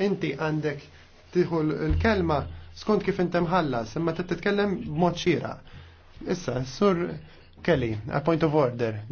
Inti għandek tieħu l-kelma skont kif inti mħallas, imma titkellem b'mod xira. Issa, sur Kelly, a point of order.